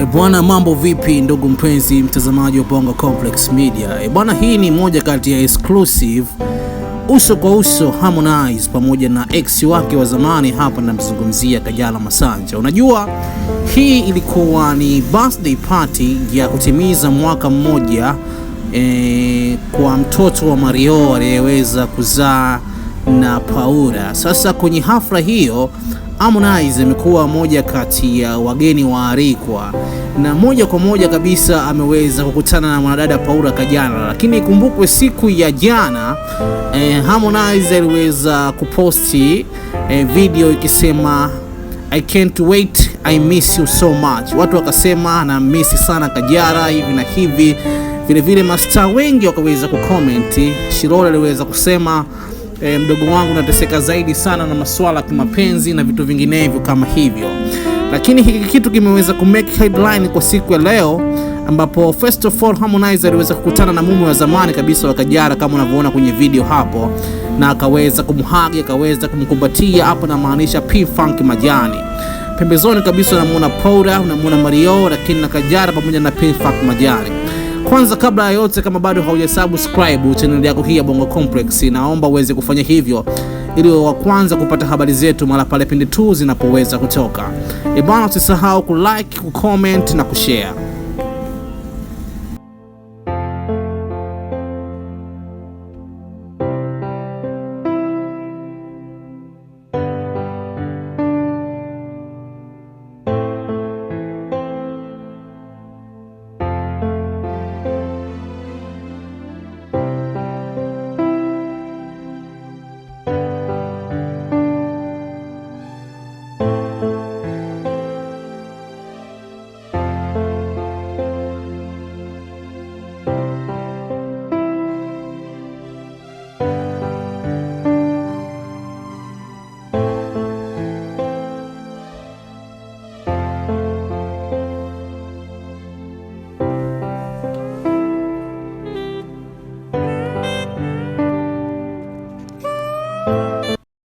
E bwana, mambo vipi ndugu mpenzi mtazamaji wa Bongo Complex Media. E bwana, hii ni moja kati ya exclusive uso kwa uso Harmonize pamoja na ex wake wa zamani hapa, namzungumzia Kajala Masanja. Unajua hii ilikuwa ni birthday party ya kutimiza mwaka mmoja e, kwa mtoto wa Mario aliyeweza kuzaa na Paula. Sasa kwenye hafla hiyo Harmonize amekuwa moja kati ya wageni waalikwa na moja kwa moja kabisa ameweza kukutana na mwanadada Paula Kajana, lakini ikumbukwe siku ya jana eh, Harmonize aliweza kuposti eh, video ikisema I can't wait, I miss you so much. Watu wakasema na miss sana Kajara hivi na hivi, vilevile mastaa wengi wakaweza kucomment. Shirole aliweza kusema e, mdogo wangu nateseka zaidi sana na maswala ya kimapenzi na vitu vinginevyo kama hivyo, lakini hiki kitu kimeweza kumake headline kwa siku ya leo ambapo first of all Harmonize aliweza kukutana na mume wa zamani kabisa wa kajara kama unavyoona kwenye video hapo, na akaweza kumhagi, akaweza kumkumbatia hapo, na maanisha P Funk Majani. Pembezoni kabisa unamuona Paula, unamuona Mario, lakini na kajara pamoja na P Funk Majani. Kwanza kabla ya yote, kama bado hauja subscribe channel yako hii ya Bongo Complex, naomba uweze kufanya hivyo ili wa kwanza kupata habari zetu mara pale pindi tu zinapoweza kutoka. Ebana, usisahau kulike, kucomment na kushare.